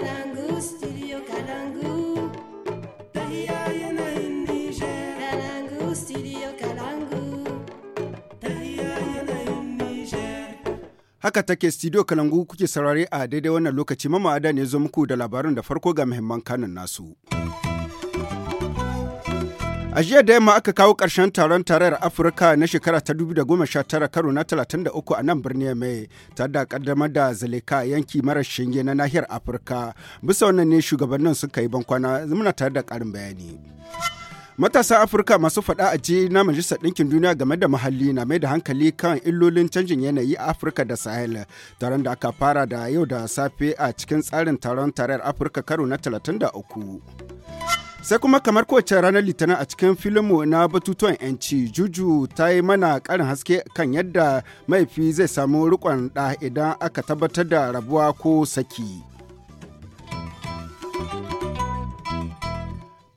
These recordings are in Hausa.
kalangu studio kalangu tahiya yana niger kalangu studio kalangu tahiya yana niger haka take studio kalangu kuke saurare a daidai wannan lokaci mama ada ne zo muku da labarin da farko ga mahimman kanin nasu A jiya da yamma aka kawo ƙarshen taron tarayyar Afirka na shekara ta tara karo na 33 a nan birni mai tare da kaddamar da Zaleka yanki mara shinge na nahiyar Afirka. Bisa wannan ne shugabannin suka yi bankwana muna tare da ƙarin bayani. matasa Afirka masu faɗa a ji na Majalisar Ɗinkin Duniya game da muhalli na mai da hankali kan illolin canjin yanayi a Afirka da Sahel, taron da aka fara da yau da safe a cikin tsarin taron tarayyar Afirka karo na 33. Sai kuma kamar kowace ranar Litinin a cikin filinmu na batutuwan 'yanci, Juju ta yi mana karin haske kan yadda maifi zai samu rikon da idan aka tabbatar da rabuwa ko saki.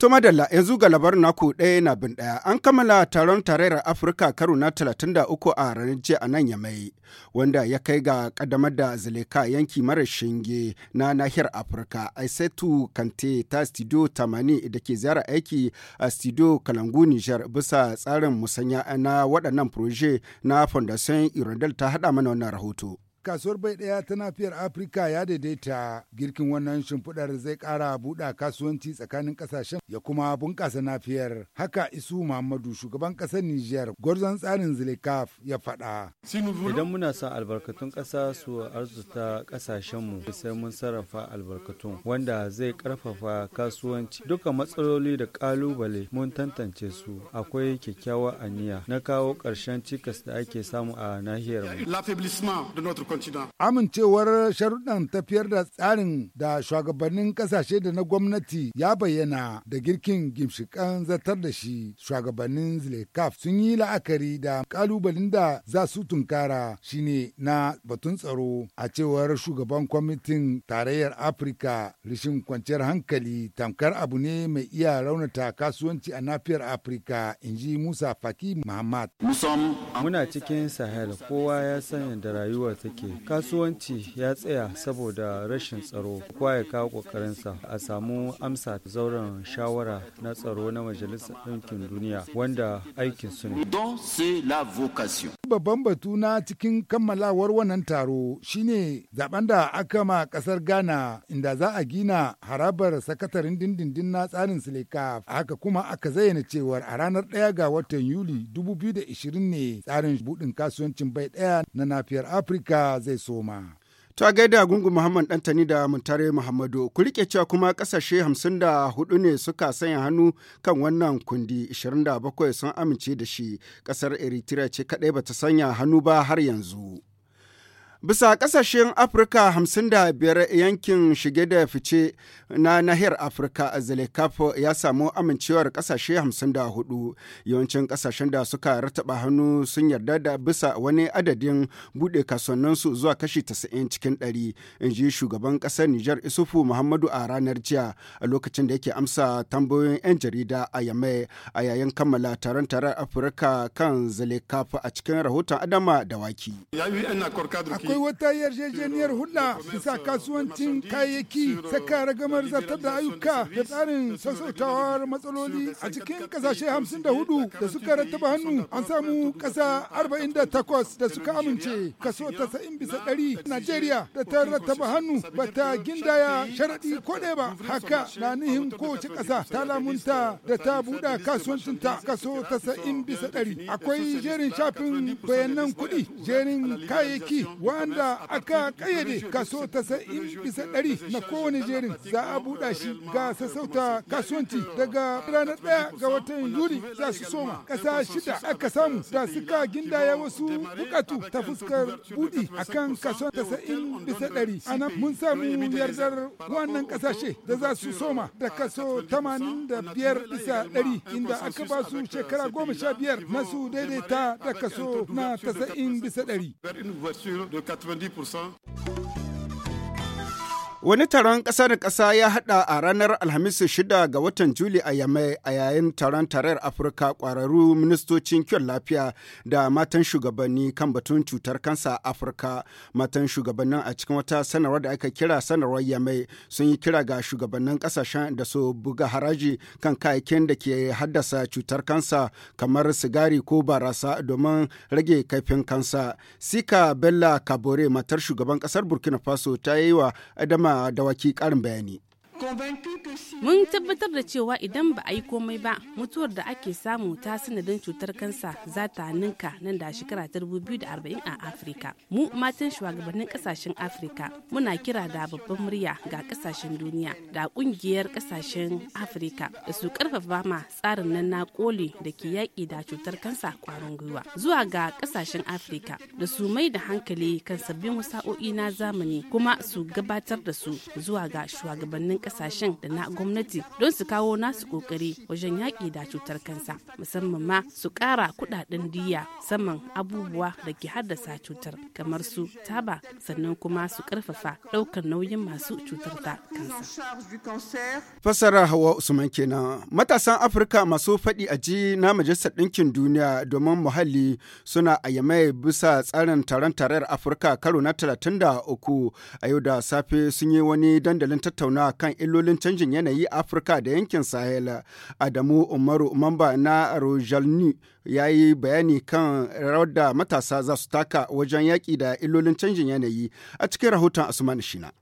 To madalla yanzu ga labarin naku ɗaya na bin ɗaya an kammala taron tarayyar Afirka karo na 33 a ranar jiya a nan Yamai wanda ya kai ga kaddamar da Zuleka yanki mara shinge na nahiyar Afirka. Aisetu Kante ta Studio 80 da ke ziyara aiki a Studio Kalangu Nijar bisa tsarin musanya na waɗannan proje na Fondation Irondel ta haɗa mana wannan rahoto. kasuwar bai ɗaya ta nafiyar afirka ya daidaita girkin wannan shimfiɗar zai kara buɗa kasuwanci tsakanin ƙasashen ya kuma bunƙasa nafiyar haka isu muhammadu shugaban ƙasar niger gwarzon tsarin zilikaf ya faɗa idan muna sa albarkatun ƙasa su arzuta ƙasashenmu sai mun sarrafa albarkatun wanda zai karfafa kasuwanci duka matsaloli da ƙalubale mun tantance su akwai kyakkyawar aniya na kawo ƙarshen cikas da ake samu a nahiyar Amincewar sharuɗan tafiyar da tsarin da shugabannin ƙasashe da na gwamnati ya bayyana da girkin gimshikan zartar da shi shugabannin Zlekaf sun yi la'akari da ƙalubalen da za su tunkara shine na batun tsaro a cewar shugaban kwamitin tarayyar Afirka rishin kwanciyar hankali tamkar abu ne mai iya raunata kasuwanci a nafiyar Afirka inji Musa Faki Muhammad. Muna cikin Sahel kowa ya san yadda rayuwa take yake kasuwanci ya tsaya saboda rashin tsaro kowa ya kawo kokarinsa a samu amsa zauren shawara na tsaro na majalisar ɗinkin duniya wanda aikin su ne Babban batu na cikin kammalawar wannan taro shine zaben da aka ma kasar Ghana inda za a gina harabar sakatarin dindindin na tsarin Silekaf. Haka kuma aka zayyana cewar a ranar 1 ga watan Yuli 2020 ne tsarin budin kasuwancin bai daya na nafiyar Afirka zai soma. Ta gaida gungun Muhammad Dantani da Muntare Muhammadu, ku rike cewa kuma kasashe 54 ne suka sanya hannu kan wannan kundi 27 sun amince da shi, kasar Eritrea ce kadai bata sanya hannu ba har yanzu. Bisa kasashen Afirka 55 yankin shige da fice na nahiyar Afirka Zelekaf ya samu amincewar ƙasashe 54 yawancin kasashen da suka rataba hannu sun yarda da bisa wani adadin buɗe kasuwanninsu zuwa kashi 90 cikin 100 in ji shugaban ƙasar Nijar Isufu Muhammadu a ranar jiya a lokacin da yake amsa tambayoyin 'yan jarida a Yamai a yayin kammala taron taron Afirka kan Zelekaf a cikin rahoton Adama da Waki. akwai wata yarjejeniyar hulɗa bisa kasuwancin kayayyaki saka ragamar zartar da ayyuka da tsarin sassautawar matsaloli a cikin kasashe hamsin da hudu da suka rattaba hannu an samu ƙasa arba'in da takwas da suka amince kaso tasa'in bisa ɗari. Najeriya da ta rattaba hannu ba ta gindaya sharaɗi ko ɗaya ba haka na nihin kowace ƙasa ta lamunta da ta buɗa kasuwancinta kaso tasa'in bisa ɗari. akwai jerin shafin bayanan kuɗi jerin kayayyaki wa wanda aka kayyade kaso tasa'in bisa ɗari na kowane jerin za a buɗa shi ga sassauta kasuwanci daga ranar ɗaya ga watan yuli za su soma ƙasa shida aka samu da suka gindaya wasu bukatu ta fuskar buɗi akan kaso tasa'in bisa ɗari a nan mun samu yardar wannan ƙasashe da za su soma da kaso tamanin da biyar bisa ɗari inda aka ba su shekara goma sha biyar na su daidaita da kaso na tasa'in bisa ɗari. 90%. Wani taron ƙasa da ƙasa ya haɗa a ranar Alhamis 6 ga watan Juli a Yamai a yayin taron tarayyar Afirka ƙwararru ministocin kyon lafiya da matan shugabanni kan batun cutar kansa a Afirka. Matan shugabannin a cikin wata sanarwar da aka kira sanarwar Yamai sun yi kira ga shugabannin ƙasashen da su buga haraji kan kayayyakin da ke haddasa cutar kansa kamar sigari ko barasa domin rage kaifin kansa. Sika Bella Kabore matar shugaban ƙasar Burkina Faso ta yi wa Adama da wakil karin bayani. Mun tabbatar da cewa idan ba a yi komai ba mutuwar da ake samu ta sanadin cutar kansa za ta ninka nan da shekara ta arba'in a Afirka. Mu matan shugabannin kasashen Afirka muna kira da babban murya ga kasashen duniya da kungiyar kasashen Afirka da su karfafa ma tsarin nan na koli da ke yaƙi da cutar kansa kwarin gwiwa zuwa ga kasashen Afirka da su mai da hankali kan sabbin wasa'o'i na zamani kuma su gabatar da su zuwa ga shugabannin kasashen da na gwamnati don su kawo nasu kokari wajen yaƙi da cutar kansa musamman ma su kara kuɗaɗen diya saman abubuwa da ke haddasa cutar kamar su taba sannan kuma su karfafa ɗaukar nauyin masu cutar ta kansa. Fasara Hawa Usman kenan matasan Afirka masu faɗi a ji na Majalisar Ɗinkin Duniya domin muhalli suna a yamai bisa tsarin taron tarayyar Afirka karo na 33 a yau da safe sun yi wani dandalin tattauna kan illolin canjin yanayi Afirka da yankin Sahel. Adamu Umaru Mamba na Rojalni ya yi bayani kan rawar da matasa za su taka wajen yaƙi da illolin canjin yanayi a cikin rahoton asuman Shina.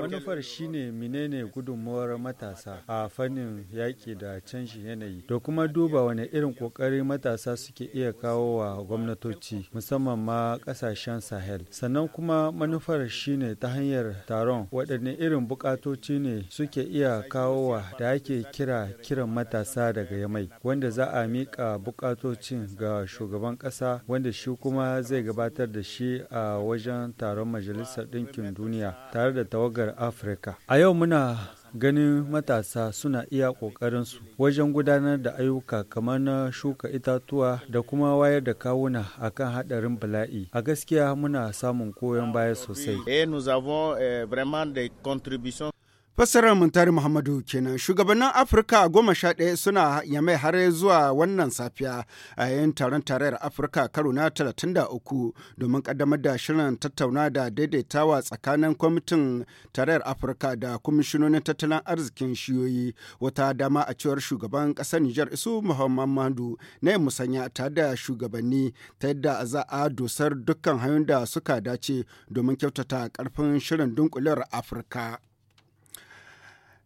Manufar shine menene gudunmuwar matasa a fannin yaƙi da canjin yanayi da kuma duba wani irin ƙoƙari matasa suke iya kawo wa gwamnatoci musamman ma ƙasashen Sahel. Sannan kuma manufar shine ta hanyar taron waɗanne irin buƙatoci ne suke iya kawo wa da ake kira kiran matasa daga yamai wanda za a miƙa buƙatocin ga shugaban ƙasa wanda shi kuma zai gabatar da shi a wajen taron Majalisar Ɗinkin Duniya. tare da tawagar Afirka. A yau muna ganin matasa suna iya ƙoƙarinsu wajen gudanar da ayyuka kamar na shuka itatuwa da kuma wayar da kawuna a kan haɗarin bala'i a gaskiya muna samun koyon baya sosai eh, eh, Fassarar Muntari Muhammadu kenan shugabannin Afirka goma sha ɗaya suna yamai har zuwa wannan safiya a yayin taron tarayyar Afirka karo na talatin da uku domin kaddamar da shirin tattauna da daidaitawa tsakanin kwamitin tarayyar Afirka da kwamishinonin tattalin arzikin shiyoyi wata dama a cewar shugaban ƙasar Nijar Isu Muhammadu na musanya ta da shugabanni ta yadda za a dosar dukkan hanyoyin da suka dace domin kyautata ƙarfin shirin dunkulewar Afirka.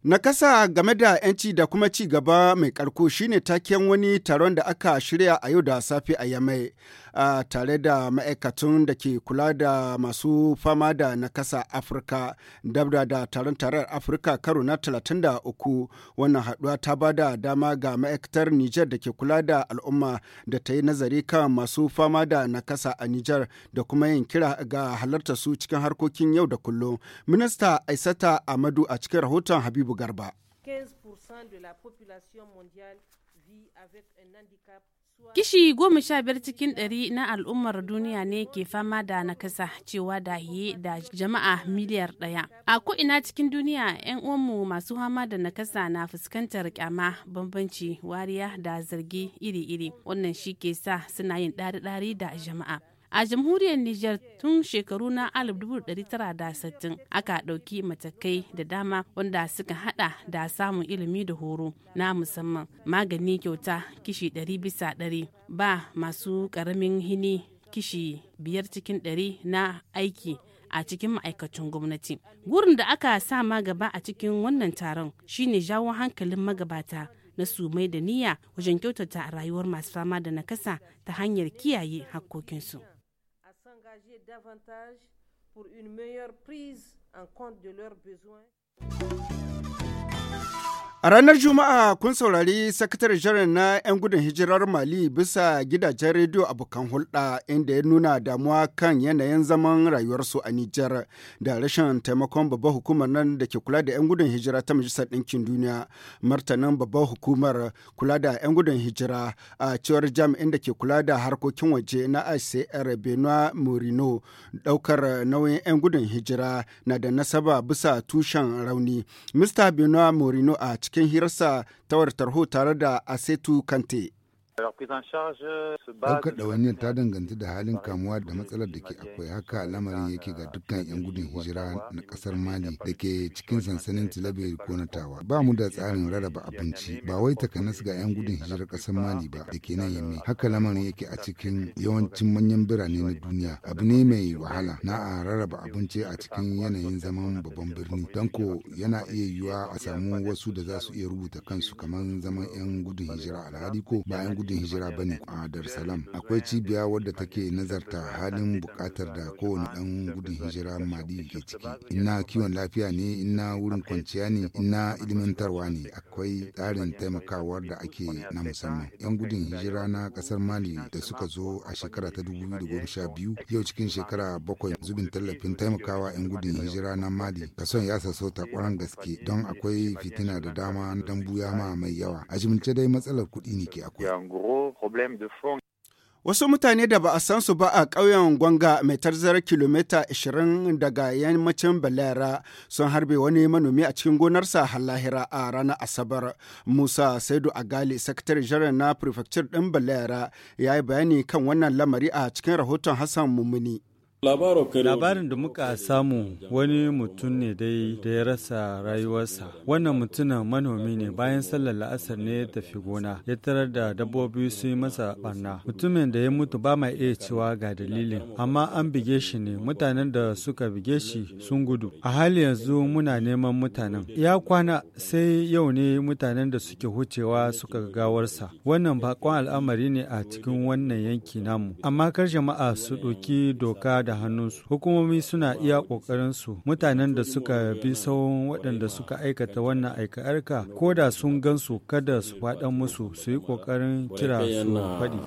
Nakasa game da 'yanci da kuma ci gaba mai karko shine taken wani taron da aka shirya a yau da safe a Yamai. a tare da ma'aikatun da ke kula da masu fama da nakasa afirka dabda da taron tarar afirka karo na 33 wannan haduwa ta ba da dama ga ma'aikatar niger da ke kula da al'umma da ta yi nazari kan masu fama da nakasa a niger da kuma yin kira ga halarta su cikin harkokin yau da kullum minista aisata amadu a cikin rahoton habibu garba 15% de la population mondiale vit avec un handicap Kishi goma sha biyar cikin ɗari na al'ummar duniya ne ke fama da nakasa cewa da da jama'a miliyar ɗaya. A ko'ina cikin duniya 'yan uwanmu masu fama da nakasa na fuskantar kyama bambanci wariya da zargi iri-iri. Wannan shi ke sa suna yin ɗari-ɗari da jama'a. A jamhuriyar Nijar tun shekaru na 1960 aka ɗauki matakai da dama wanda suka hada da samun ilimi da horo na musamman magani kyauta kishi 100 bisa 100 ba masu karamin hini kishi biyar cikin ɗari na aiki a cikin ma'aikacin gwamnati. Gurin da aka sa ma gaba a cikin wannan taron shine jawo hankalin magabata na su mai da niyya wajen kyautata rayuwar masu fama da nakasa ta hanyar kiyaye hakkokinsu. davantage pour une meilleure prise en compte de leurs besoins. A ranar Juma'a kun saurari sakataren jiran na 'yan gudun hijirar Mali bisa gidajen rediyo abokan hulɗa inda ya nuna damuwa kan yanayin zaman rayuwarsu a Nijar da rashin taimakon babbar hukumar nan da ke kula da 'yan gudun hijira ta Majalisar Ɗinkin Duniya. Martanin babbar hukumar kula da 'yan gudun hijira a cewar jami'in da ke kula da harkokin waje na ICR Benoit Morino ɗaukar nauyin 'yan gudun hijira na da nasaba bisa tushen rauni. Mista Benoit Morino a cikin hirarsa ta tarho tare da Asetu Kante. Ɗaukar euh, ɗawainiyar ta danganta da halin kamuwa da matsalar da ke akwai haka lamarin yake ga dukkan 'yan gudun hijira na ƙasar Mali da ke cikin sansanin Tilabe ko tawa. Ba mu da tsarin rarraba abinci ba wai takanas ga 'yan gudun hijirar kasar Mali ba da ke nan yamme. Haka lamarin yake a cikin yawancin manyan birane na duniya. Abu ne mai wahala na a rarraba abinci a cikin yanayin zaman babban birni. Don ko yana iya yiwuwa a samu wasu da za su iya rubuta kansu kamar zaman 'yan gudun hijira alhali ko ba 'yan gudun gudun hijira ba a Dar Salam. Akwai cibiya wadda take nazarta halin bukatar da kowane ɗan gudun hijira madi ke ciki. Ina kiwon lafiya ne, ina wurin kwanciya ne, ina ilimantarwa ne. Akwai tsarin taimakawar da ake na musamman. 'Yan gudun hijira na kasar Mali da suka zo a shekara ta biyu yau cikin shekara bakwai zubin tallafin taimakawa 'yan gudun hijira na Mali. Kason ya saso ta kwaran gaske don akwai fitina da dama don buya ma mai yawa. A jimce dai matsalar kuɗi ne ke akwai. gros problème de fond. Wasu mutane da ba a san su ba a ƙauyen Gwanga mai tarzar kilomita 20 daga yammacin Balera sun harbe wani manomi a cikin gonarsa halahira a ranar Asabar. Musa Saidu Agali, sakatare jiran na prefecture ɗin Balera, ya yi bayani kan wannan lamari a cikin rahoton Hassan Mumuni. Labarin da muka samu wani mutum ne dai da ya rasa rayuwarsa. Wannan mutumin manomi ne bayan sallar la'asar ne ya tafi gona ya tarar da dabbobi sun yi masa barna. Mutumin da ya mutu ba mai iya cewa ga dalilin amma an bige shi ne mutanen da suka bige shi sun gudu. A hali yanzu muna neman mutanen. Ya kwana sai yau ne mutanen da suke hucewa suka gawarsa. Wannan baƙon al'amari ne a cikin wannan yanki namu. Amma kar jama'a su ɗauki doka da hannunsu hukumomi suna iya ƙoƙarinsu mutanen da suka bi tsawon waɗanda suka aikata wannan aika ko da sun gansu kada su faɗan musu su yi ƙoƙarin kira su faɗi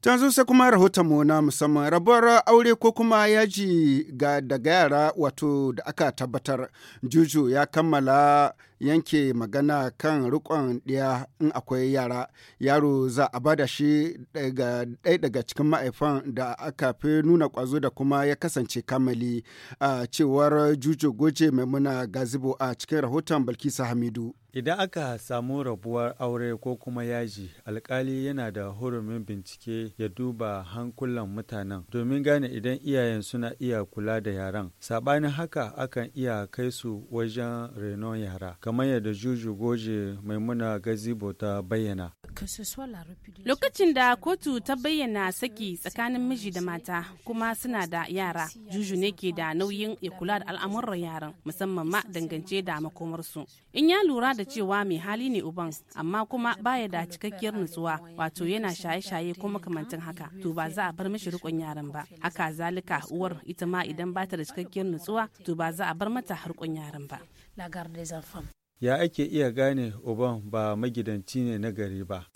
can sai kuma rahoton mu na musamman rabuwar aure ko kuma yaji ga daga yara wato da aka tabbatar juju ya kammala yanke magana kan rikon ɗaya in akwai yara yaro za a bada shi daga daga cikin ma'aifan da aka fi nuna ƙwazo da kuma ya kasance kamali a cewar juju goje muna gazibo a cikin rahoton balkisa hamidu Idan aka samu rabuwar aure ko kuma yaji, alkali yana da hurumin bincike ya duba hankulan mutanen domin gane idan iyayen suna iya kula da yaran. Saɓanin haka akan iya kai su wajen renon yara. kamar yadda Juju Goje Maimuna Gazibo ta bayyana. Lokacin da kotu ta bayyana saki tsakanin miji da mata kuma suna da yara, Juju ne ke da nauyin ya kula da al'amuran yaran musamman ma dangance da makomarsu. In ya lura da cewa mai hali ne uban amma kuma baya da cikakkiyar nutsuwa wato yana shaye-shaye kuma kamantin haka to ba za a bar mishi rikon yaran ba. Haka zalika uwar ita ma idan ba ta da cikakkiyar nutsuwa to ba za a bar mata harkon yaran ba. ya ake iya gane uban ba magidanci ne na gari ba.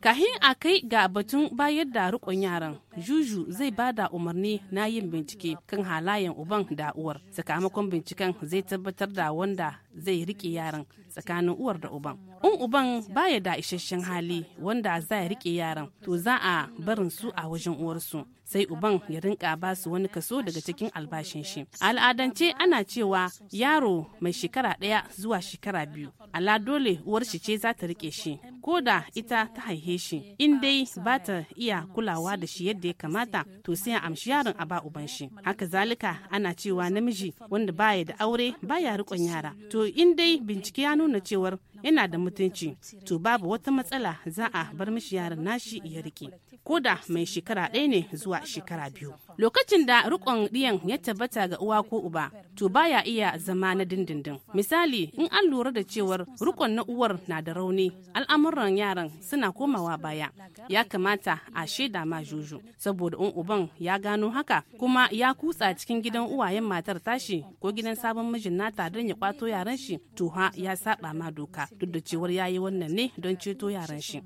Kahin a kai ga batun bayar da rikon yaran, Juju zai ba da umarni na yin bincike kan halayen uban da uwar. Sakamakon binciken zai tabbatar da wanda zai rike yaran tsakanin uwar da uban in uban baya da isasshen hali wanda za ya rike yaran to za a barin su a wajen uwarsu sai uban ya rinka ba su wani kaso daga cikin albashin shi al'adance ana cewa yaro mai shekara ɗaya zuwa shekara biyu ala dole uwar shi ce za ta rike shi ko da ita ta haihe shi in dai ba ta iya kulawa da shi yadda ya kamata to sai a amshi yaron a ba uban shi haka zalika ana cewa namiji wanda baya da aure baya rikon yara to in dai bincike ya nuna cewar yana da mutunci to babu wata matsala za a bar mishi yaran nashi ya rike ko da mai shekara ɗaya ne zuwa shekara biyu lokacin da rikon ɗiyan ya tabbata ga uwa ko uba to baya iya zama na dindindin misali in an lura da cewar rikon na uwar na da rauni al'amuran yaran suna komawa baya ya kamata a shaida ma juju saboda in uban ya gano haka kuma ya kutsa cikin gidan uwayen matar tashi ko gidan sabon mijin nata don ya kwato yaran shi to ha ya saba ma doka duk da cewar ya yi wannan ne don ceto yaran shi.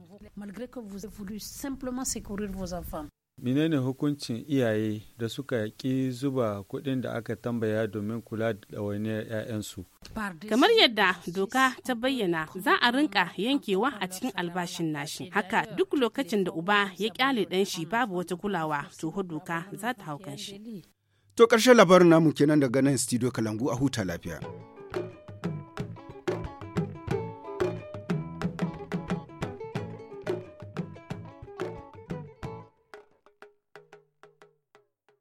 Menene hukuncin iyaye da suka ki zuba kuɗin da aka tambaya domin kula da ɗawainiyar 'ya'yansu? Kamar yadda doka ta bayyana za a rinka yankewa a cikin albashin nashi. Haka duk lokacin da uba ya kyale ɗan shi babu wata kulawa toho doka za ta haukan shi. To ƙarshen labarin namu kenan daga nan studio Kalangu a huta lafiya.